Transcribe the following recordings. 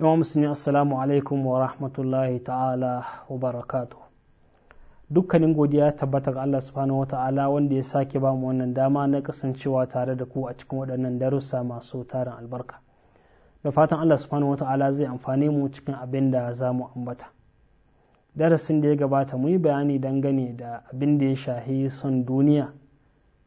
yawan musulmi assalamu alaikum wa rahmatullahi ta'ala wa barakatu dukkanin godiya tabbata ga Allah subhanahu wata'ala wanda ya sake ba mu wannan dama na kasancewa tare da ku a cikin waɗannan darussa masu tarin albarka da fatan Allah subhanahu wata'ala zai amfani mu cikin abin da za mu ambata darasin da ya gabata mu yi bayani dangane da abin da ya shahi son duniya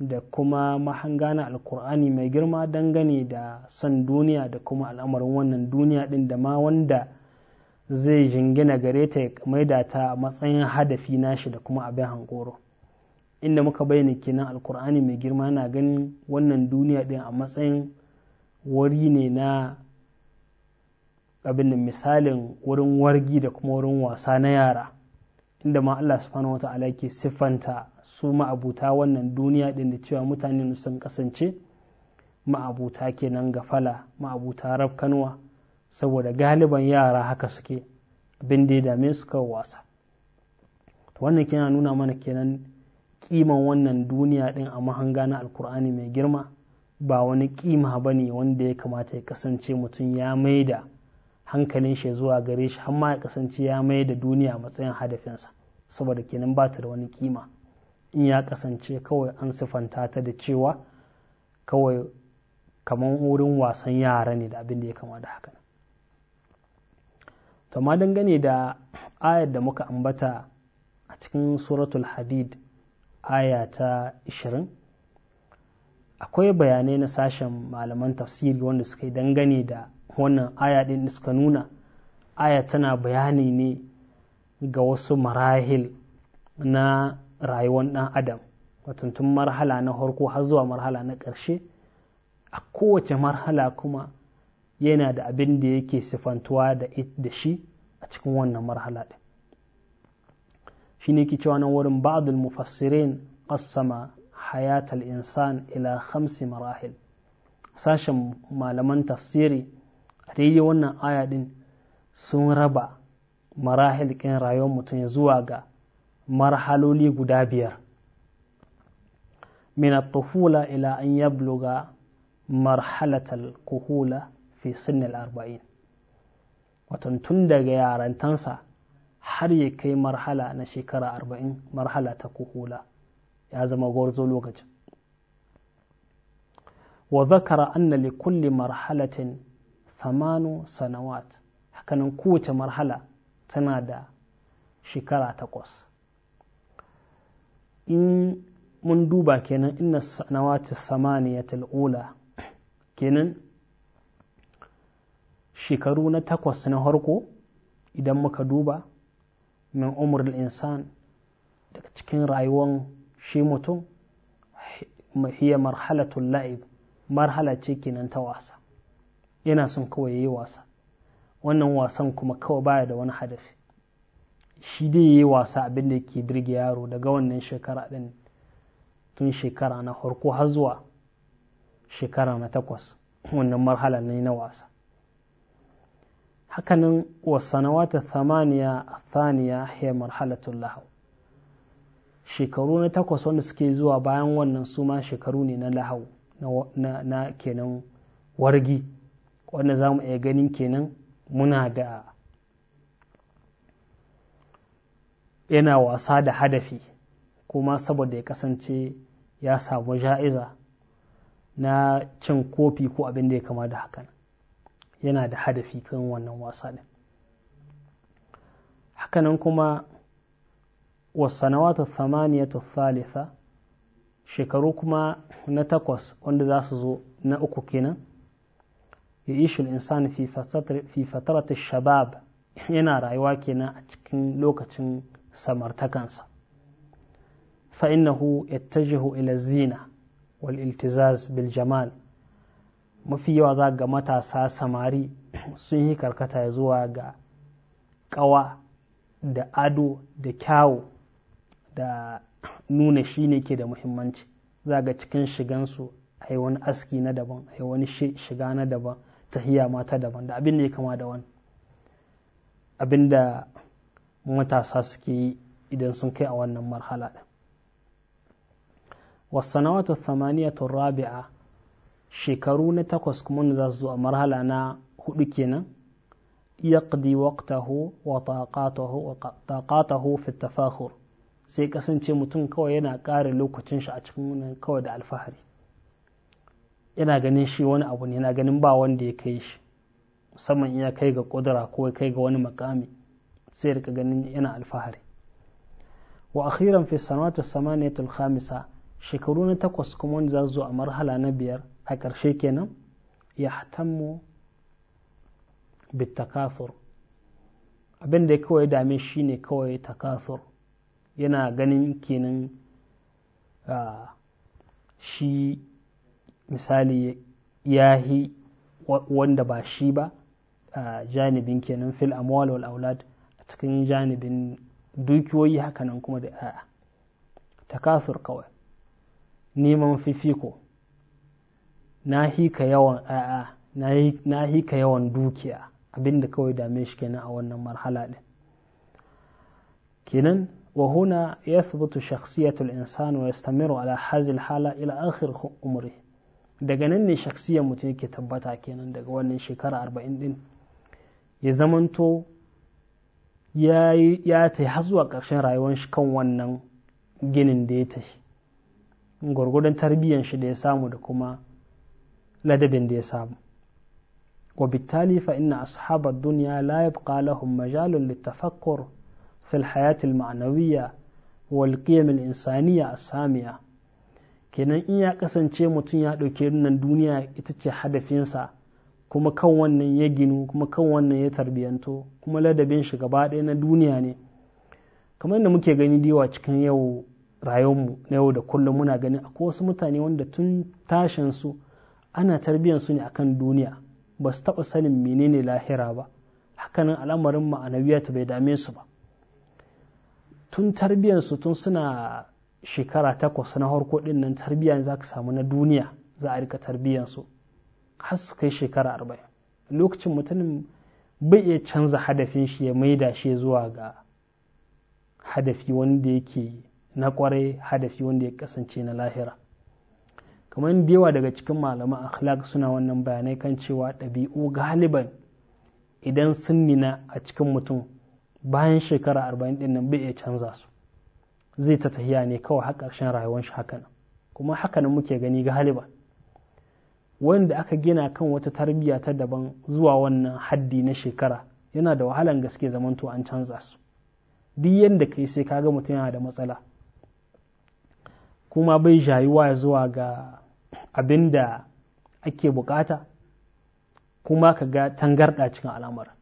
da kuma mahangana na alkur'ani mai girma dangane da son duniya da kuma al'amarin wannan duniya ɗin da ma wanda zai jingina gare ta ya maida ta matsayin hadafi nashi da kuma abin hankoro inda muka bayyana kenan alkur'ani mai girma na ganin wannan duniya din a matsayin wari ne na abin misalin wurin wargi da kuma wurin wasa na yara inda ma Allah subhanahu wa ta'ala ke siffanta su ma'abuta wannan duniya din da cewa mutane sun kasance ma'abuta kenan gafala ma'abuta rafkanwa saboda galiban yara haka suke abin da ya dame su kawai wasa wannan kina nuna mana kenan kiman wannan duniya din a mahanga na alkur'ani mai girma ba wani kima ba ne wanda ya kamata ya kasance mutum ya maida hankalin shi zuwa gare shi har ma ya kasance ya mai da duniya matsayin hadafinsa saboda kenan ba ta da wani kima in ya kasance kawai an sifanta ta da cewa kawai kamar wurin wasan yara ne da abin da ya kama da haka to ma dangane da ayar da muka ambata a cikin suratul hadid aya ta 20 akwai bayanai na sashen malaman tafsiri wanda suka yi dangane da wannan aya ɗin suka nuna aya tana bayani ne ga wasu marahil na rayuwar ɗan adam tun marhala na harko har zuwa marhala na ƙarshe a kowace marhala kuma yana da abin da yake sifantuwa da shi a cikin wannan marhala ɗin shi ne ke cewa nan wurin ba'adul mufassirin qassama hayatal insan ila khamsi marahil sashen malaman tafsiri daidai wannan aya din sun raba marahil rayuwar mutum zuwa ga marhaloli guda biyar min tufula ila an yabluga marhalatal kuhula fi arba'in watan tun daga yarantansa har ya kai marhala na shekara arba'in marhala ta kuhula ya zama gwarzo lokacin wa zakara anna li kulli marhalatin thamanu sanawat hakanan kowace marhala tana da shekara takwas in mun duba kenan inna sanawati samaniyatul ula kenan shekaru na takwas na harko idan muka duba min umrul insan daga cikin rayuwan shi mutum hiya marhalatul la'ib marhala ce kenan ta wasa yana son kawai ya yi wasa wannan wasan kuma kawai baya da wani hadafi shi dai ya yi wasa abin da yake birge yaro daga wannan shekara ɗin tun shekara na farko har zuwa shekara na takwas wannan marhala ne na wasa hakanan wasanawata thamaniya thaniya hiya marhalatun lahau shekaru na takwas wanda suke zuwa bayan wannan su ma shekaru ne na lahau na kenan wargi wanda za mu iya ganin kenan muna da yana wasa da hadafi kuma saboda ya kasance ya samu ja'iza na cin kofi ko abin da ya kama da hakan yana da hadafi kan wannan wasa ne hakanan kuma samaniya ta thalitha shekaru kuma na takwas wanda za su zo na uku kenan ya insan fi fatarat shabab yana rayuwa kenan a cikin lokacin samartakansa fa innahu yattajihu ila zina wal iltizaz bil jamal mafi yawa za ga matasa samari sun yi karkata zuwa ga ƙawa da ado da kyawu da nuna shi ne ke da muhimmanci za ga cikin shigansu a wani aski na daban a wani shiga na daban tahiya mata daban da abin da ya kama da wani abin da matasa suke yi idan sun kai a wannan marhala ɗin wasanawatu thamaniyatu rabi'a shekaru na takwas kuma za su zo a marhala na hudu kenan yaqdi waqtahu wa taqatahu wa taqatahu fi tafakhur sai kasance mutum kawai yana ƙare lokacin shi a cikin kawai da alfahari yana ganin shi wani abu ne yana ganin ba wanda ya kai shi musamman iya kai ga kudura ko ya kai ga wani makami sai rika ganin yana alfahari wa akhiran fi samaniyatu al khamisa shekaru na takwas kuma wanda za zo a marhala na biyar a ƙarshe kenan ya hatammu bitakathur abin da kawai dame shi ne kawai takathur yana ganin kenan ah, shi misali yahi wanda ba shi ba a janibin kenan fil amwal wal aulad a cikin janibin dukiyoyi hakanan kuma da a'a takasur kawai neman fifiko na hika yawan a'a na hika yawan dukiya abinda kawai dame shi kenan a wannan marhala din kenan وهنا يثبت شخصية الإنسان ويستمر على هذه الحالة إلى آخر عمره daga nan ne shaksiyar mutum yake tabbata kenan daga wannan shekara arba'in din ya zamanto ya ta har zuwa ƙarshen rayuwar shi kan wannan ginin da ya tashi gwargwadon tarbiyyar shi da ya samu da kuma ladabin da ya samu duniya فإن أصحاب الدنيا لا يبقى لهم مجال للتفكر في الحياة المعنوية والقيم الإنسانية السامية kenan in ya kasance mutum ya ɗauke nan duniya ita ce hadafinsa kuma kan wannan ya ginu kuma kan wannan ya tarbiyanto kuma ladabin shi gaba ɗaya na duniya ne kamar yadda muke gani diwa cikin yau rayuwarmu na yau da kullum muna ganin akwai wasu mutane wanda tun tashin su ana tarbiyan su ne akan duniya ba su taɓa sanin menene lahira ba hakanan al'amarin ta bai dame su ba tun tarbiyan su tun suna shekara takwas na harko ɗin nan tarbiyya za ka samu na duniya za a rika tarbiyyansu har su kai shekara arba'in lokacin mutumin bai iya canza hadafin shi ya maida shi zuwa ga hadafi wanda yake na kwarai hadafi wanda ya kasance na lahira kamar da yawa daga cikin malaman akhlaq suna wannan bayanai kan cewa ɗabi'u galiban idan sun nina a cikin mutum bayan shekara arba'in ɗin nan bai iya canza su zai ta tahiya ne kawai har ƙarshen rayuwar shi haka kuma haka muke gani ga haliba wanda aka gina kan wata tarbiyya ta daban zuwa wannan haddi na shekara yana da wahalan gaske zamanto an canza su duk yadda kai sai ka ga mutum yana da matsala kuma bai jayuwa zuwa ga abin da ake bukata kuma ka ga tangarɗa cikin al'amura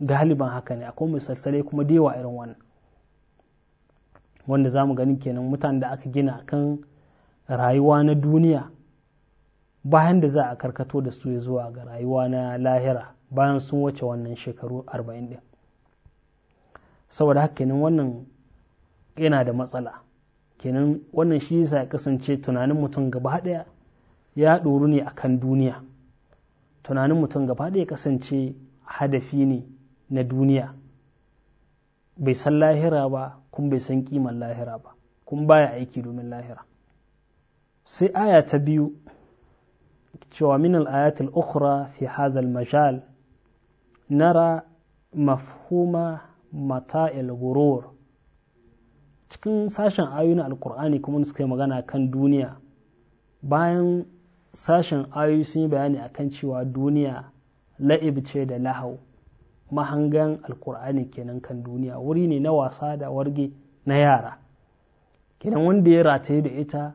galiban haka ne akwai misalsalai kuma da yawa irin wannan wanda za mu gani kenan mutanen da aka gina kan rayuwa na duniya bayan da za a karkato da su zuwa ga rayuwa na lahira bayan sun wace wannan shekaru 40 ɗin saboda haka kenan wannan yana da matsala kenan wannan shi yasa ya kasance tunanin mutum gaba daya ya ɗoru ne akan duniya tunanin mutum gaba daya kasance hadafi ne na duniya bai san lahira ba kuma bai san kiman lahira ba kun baya aiki domin lahira sai aya ta biyu cewa min al-ayat al-ukhra fi hadha majal nara mafhuma mata'il gurur cikin sashen ayoyin alkur'ani kuma suka yi magana kan duniya bayan sashen ayoyi sun yi bayani akan cewa duniya la'ib ce da lahau mahangan alkur'ani kenan kan duniya wuri ne na wasa da warge na yara kenan wanda ya rataye da ita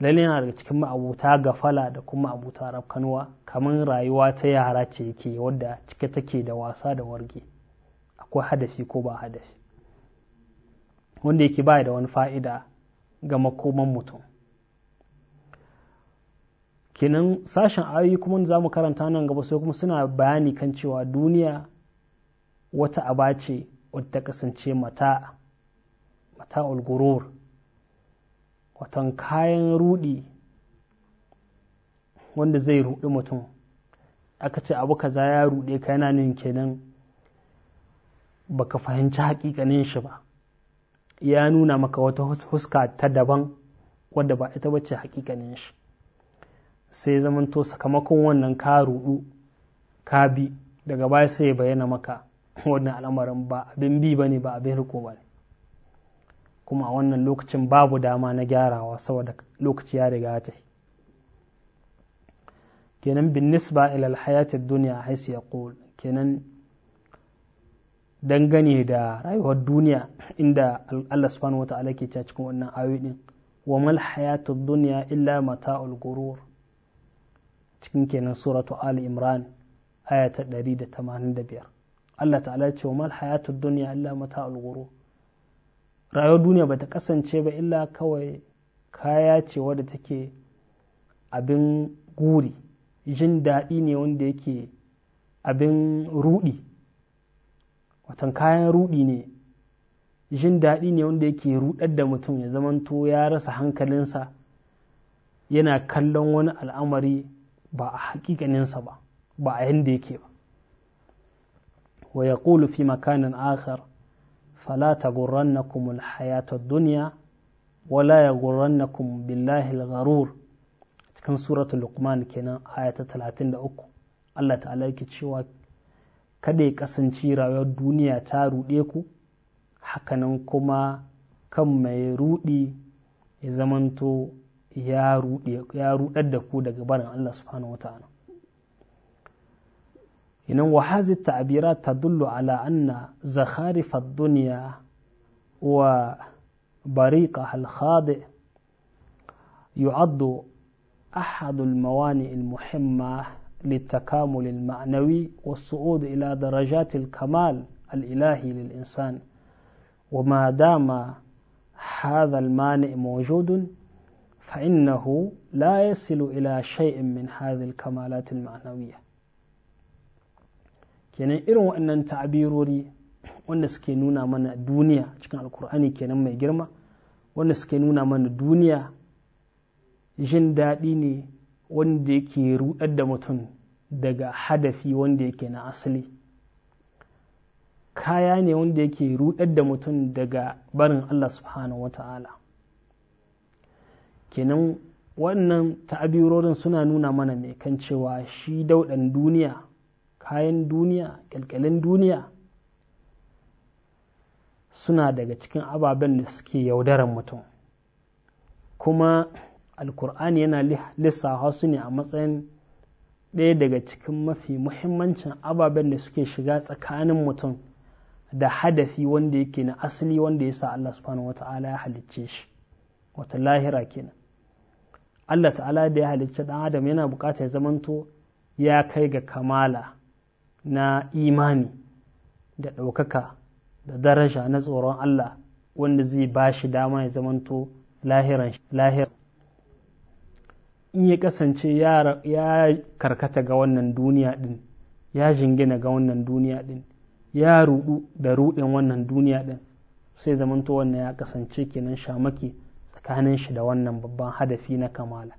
lalle yana daga cikin ma'abuta gafala da kuma abuta rafkanuwa kamar rayuwa ta yara ce yake wadda cike take da wasa da warge akwai hadafi ko ba hadafi wanda yake baya da wani fa'ida ga makoman mutum kenan sashen ayoyi kuma za mu karanta nan gaba sai kuma suna bayani kan cewa duniya wata aba ce wadda kasance mata mata ulgurur watan kayan rudi wanda zai rudi mutum aka ce abu kaza ya rude ka yana nin kenan baka fahimci hakikanin shi ba ya nuna maka wata huska ta daban wadda ba ita bace hakikanin shi sai zamanto sakamakon wannan ka rudu ka bi daga baya sai ya bayyana maka wannan al'amarin ba abin bi ba ne ba abin riko ba ne kuma a wannan lokacin babu dama na gyarawa saboda lokaci ya riga ta kenan bin nisba ilal hayatid duniya haisu ya kenan dangane da rayuwar duniya inda Allah subhanahu wa ta'ala ke cikin wannan ayoyi din wa mal hayatud dunya illa mata'ul gurur cikin kenan suratu ali imran aya ta 185 Allah ta'ala ce wa mal hayatu duniya illa mata'ul ghurur rayuwar duniya bata kasance ba illa kawai kaya ce wadda take abin guri jin daɗi ne wanda yake abin ruɗi watan kayan ruɗi ne jin daɗi ne wanda yake ruɗar da mutum ya zamanto ya rasa hankalinsa yana kallon wani al'amari ba a hakikaninsa ba ba a yanda yake ba wa yaqulu fi makanin akhar fala taghurrannakum alhayatu ad duniya wa la yaghurrannakum billahi al-gharur cikin suratul luqman kenan talatin da uku Allah ta'ala yake cewa kadai ya kasance rayuwar duniya ta ruɗe ku hakanan kuma kan mai ruɗi ya zamanto ya ruɗar da ku daga barin Allah subhanahu إذن وهذه التعبيرات تدل على أن زخارف الدنيا وبريقها الخاضئ يعد أحد الموانئ المهمة للتكامل المعنوي والصعود إلى درجات الكمال الإلهي للإنسان وما دام هذا المانع موجود فإنه لا يصل إلى شيء من هذه الكمالات المعنوية kenan irin waɗannan ta'abirori wanda suke nuna mana duniya cikin alkur'ani kenan mai girma wanda suke nuna mana duniya jin daɗi ne wanda yake ruɗar da mutum daga hadafi wanda yake na asali kaya ne wanda yake ruɗar da mutum daga barin Allah subhanahu ta'ala). kenan wannan ta'abirorin suna nuna mana mai kan cewa shi dauɗan duniya kayan duniya kyalkyalin duniya suna daga cikin ababen da suke yaudaran mutum kuma alkur'ani yana lissafa su ne a matsayin ɗaya daga cikin mafi muhimmancin ababen da suke shiga tsakanin mutum da hadafi wanda yake na asali wanda ya sa Allah subhanahu wa ta'ala ya halicce shi wata lahira kenan Allah ta'ala da ya halicce ɗan adam yana buƙatar zamanto ya kai ga kamala na imani da ɗaukaka da daraja na tsoron Allah wanda zai ba shi dama ya zamanto lahiran lahir in ya kasance ya karkata ga wannan duniya ɗin ya jingina ga wannan duniya ɗin ya rudu da rudin wannan duniya ɗin sai zamanto wannan ya kasance kenan shamaki tsakanin shi da wannan babban hadafi na kamala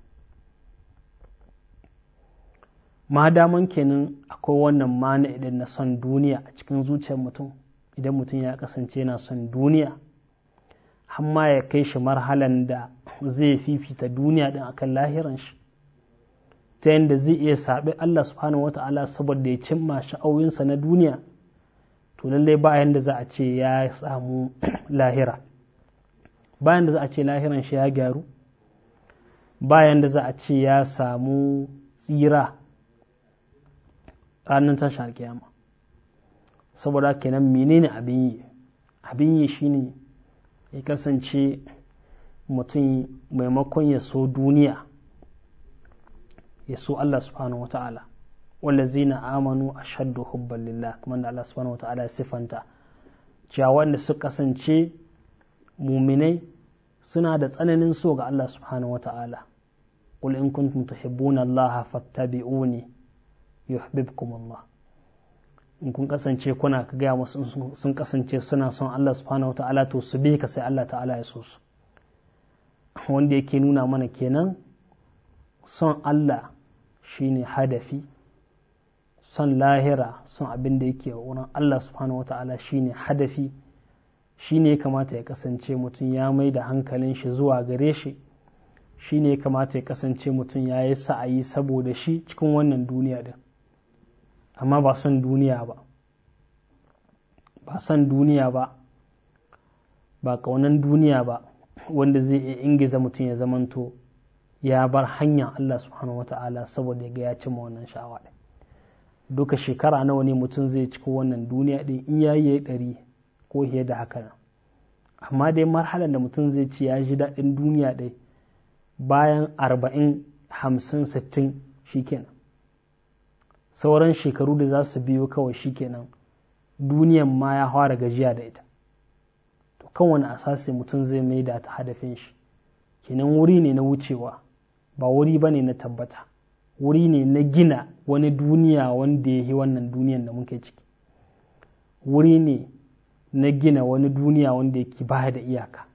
ma daman kenan akwai wannan mana idan na son duniya a cikin zuciyar mutum idan mutum ya kasance yana son duniya hamma ya kai shi marhalan da zai fifita duniya din akan lahiran shi ta yadda zai iya saɓi Allah subhanahu wata'ala saboda ya cimma sha'awinsa na duniya to lallai ba yadda za a ce ya samu lahira ba yadda za a ce lahiran shi ya gyaru ba yadda za a ce ya samu tsira ranar tashin alkiyama saboda kenan menene abin yi abin yi shine ya kasance mutum maimakon ya so duniya ya so Allah subhanahu wa ta'ala na amanu shaddu hubban lillah kuma da Allah subhanahu wa ta'ala ya sifanta cewa wanda su kasance muminai suna da tsananin so ga Allah subhanahu wa ta'ala qul in ta tuhibbuna Allah ne Allah in kun kasance kuna ka gaya musu sun kasance suna son Allah subhanahu wa ta'ala to su bi ka sai Allah ta'ala ya so su wanda yake nuna mana kenan son Allah shine hadafi son lahira son abin da yake wurin Allah subhanahu wa ta'ala shine hadafi shine ya kamata ya kasance mutum ya mai da hankalin shi zuwa gare shi shine ya kamata ya kasance mutum ya yi sa'ayi saboda shi cikin wannan duniya din amma ba son duniya ba ba son duniya ba ba kaunan duniya ba wanda zai iya ingiza mutum ya zamanto ya bar hanya Allah subhanahu ta'ala saboda ga ya cimma wannan sha'awa duka shekara nawa ne mutum zai cika wannan duniya din in ya yi ɗari ko fiye da haka nan amma dai marhalar da mutum zai ci ya ji daɗin duniya ɗai bayan arba'in hamsin sittin shi sauran shekaru da za su biyo kawai shi kenan duniyan ma ya fara gajiya da ita to kan wani asasi mutum zai mai da ta hadafin shi kenan wuri ne na wucewa ba wuri ba ne na tabbata wuri ne na gina wani duniya wanda ya yi wannan duniyan da muke ciki wuri ne na gina wani duniya wanda yake ba da iyaka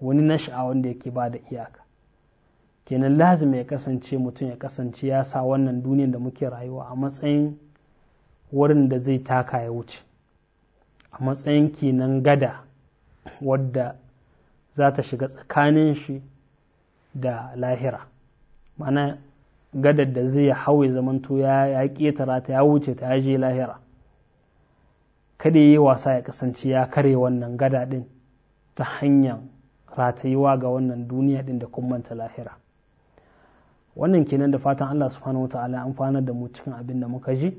wani nasha'a wanda yake ba da iyaka kenan lazim ya kasance mutum ya kasance ya sa wannan duniyar da muke rayuwa a matsayin wurin da zai taka ya wuce a matsayin kenan gada wadda za ta shiga tsakanin shi da lahira mana gadar da zai ya zamanto ya ƙetara ta ya wuce ta ya je lahira kada yi wasa ya kasance ya kare wannan gada ɗin ta hanyar ratayuwa ga wannan duniya ɗin da kuma manta lahira wannan kenan da fatan Allah subhanahu wa ta'ala amfanar da mu cikin abin da muka ji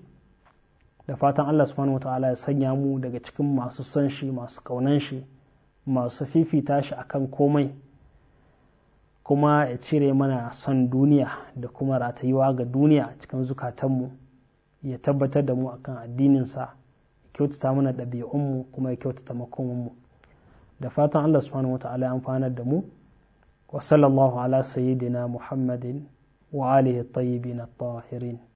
da fatan Allah subhanahu wa ta'ala ya sanya mu daga cikin masu son shi masu kaunan shi masu fifita shi akan komai kuma ya cire mana son duniya da kuma ratayuwa ga duniya cikin zukatanmu ya tabbatar da mu akan addininsa ya kyautata mana ɗabi'unmu kuma ya kyautata mu? da fatan Allah subhanahu wa ta'ala ya amfanar da mu wa sallallahu ala sayyidina muhammadin وعليه الطيبين الطاهرين